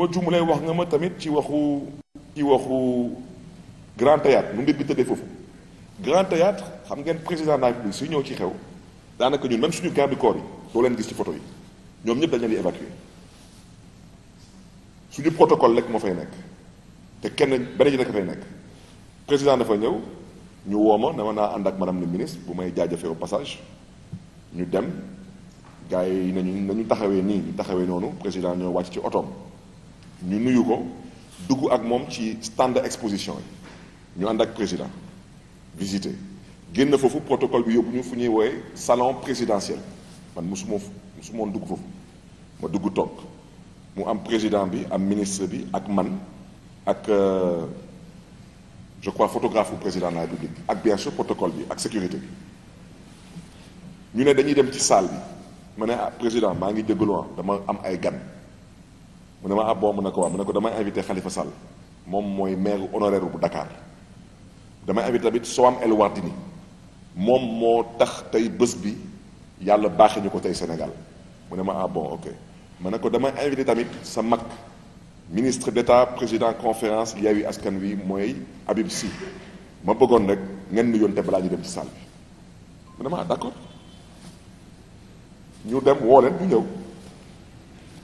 ma lay wax nga ma tamit ci waxu ci waxu grand théâtre nu mbir bi tëddee foofu grand théâtre xam ngeen président de la su ñëw ci xew daanaka ñun même suñu garde corps yi doo leen gis ci photo yi ñoom ñëpp dañ leen di évacuer suñu protocole rek moo fay nekk te kenn benn ji nekk fay nekk président dafa ñëw ñu woo ma ne ma naa ànd ak madame le ministre bu may jaajëfee au passage ñu dem gars yi nañu nañu taxawee nii ñu taxawee noonu président ñoo wàcc ci otoom. ñu nuyu ko dugg ak moom ci stand exposition yi ñu ànd ak président visiter génn foofu protocole bi yóbbu ñu fu ñuy wooye salon présidentiel man musuma musumoon dugg foofu ma dugg toog mu am président bi am ministre bi ak man ak euh, je crois photographe bu président de la république ak bien sûr bi ak sécurité bi ñu ne dañuy dem ci salle bi ma ne ah, président maa ngi jégalu ah, dama am ay gan mu ne ma ah bon mu ne ko waaw mu ne ko damay invité Khalifa Sall moom mooy maire honoraire bu Dakar damay invité tamit Soham El Wardini moom moo tax tey bés bi yàlla baaxee ñu ko tey Sénégal mu ne ma ah bon ok ma ne ko damay invité tamit sa mag ministre d'État président conférence Yewwi Askan Wi mooy Habib si ma bëggoon rek ngeen nuyoon te balaa ñu dem ci salle bi mu ne ma ah ñu dem woo leen ñu ñëw.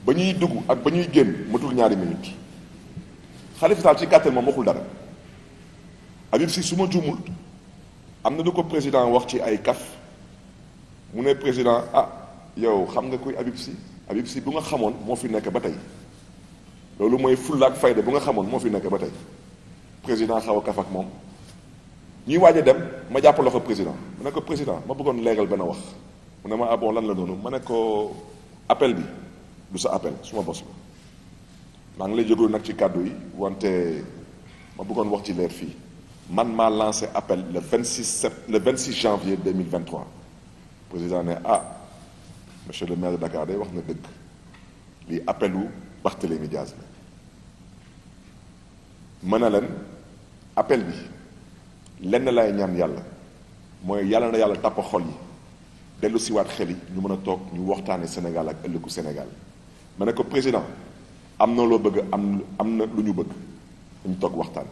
ba ñuy dugg ak ba ñuy génn matul ñaari minute Khalifa Sall ci gàttal moom waxul dara Habib Sy su ma juumul am na lu ko président wax ci ay kaf mu ne président ah yow xam nga kuy Habib Sy Habib Sy bu nga xamoon moo fi nekk ba tey loolu mooy fulla ak fayda bu nga xamoon moo fi nekk ba tey président xaw a ak moom ñuy waaj a dem ma jàpp loxo président ma ne ko président ma bëggoon leeral benn wax mu ne ma ah lan la noonu ma ne ko appel bi du sa appel suma bos la maa ngi lay jóglu nag ci kàddu yi wante ma bëggoon wax ci leer fii man ma lancé appel le 26 sept le 26 janvier 2023 président ne ah monsieur le maire de Dakar day wax na dëgg lii appelu Barthélémy Diaz la mën na leen appel bi lenn lay ñaan yàlla mooy yàlla na yàlla tàpp xol yi dellu siwaat xel yi ñu mën a toog ñu waxtaane Sénégal ak ëllëgu Sénégal ma ne ko président am na loo bëgg am am na lu ñu bëgg añ toog waxtaan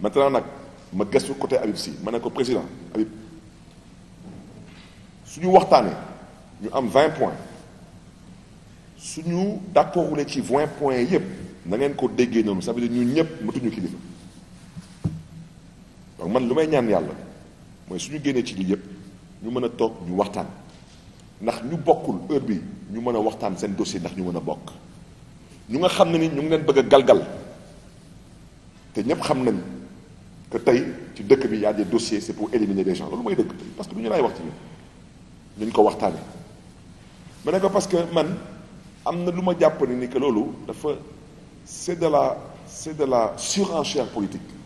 maintenant nag ma gëstu côté Habib Sy ma ne ko président Habib su ñu waxtaanee ñu am 20 points su ñu d'accordulee ci 20 points yëpp na ngeen ko déggee noonu ça veut ñu ñëpp matuñu kilifa donc man lu may ñaan yàlla mooy su ñu génnee ci lii yëpp ñu mën a toog ñu waxtaan. ndax ñu bokkul heure bi ñu mën a waxtaan seen dossier ndax ñu mën a bokk ñu nga xam ne ni ñu ngi leen bëgg a galgal te ñëpp xam nañ que tey ci dëkk bi y a des c'est pour éliminer des gens loolu mooy dëgg parce que ñu laay wax ci ñun ko waxtaanee ma ne parce que man am na lu ma jàpp ni que loolu dafa c'est de la c'est de la surenchère politique.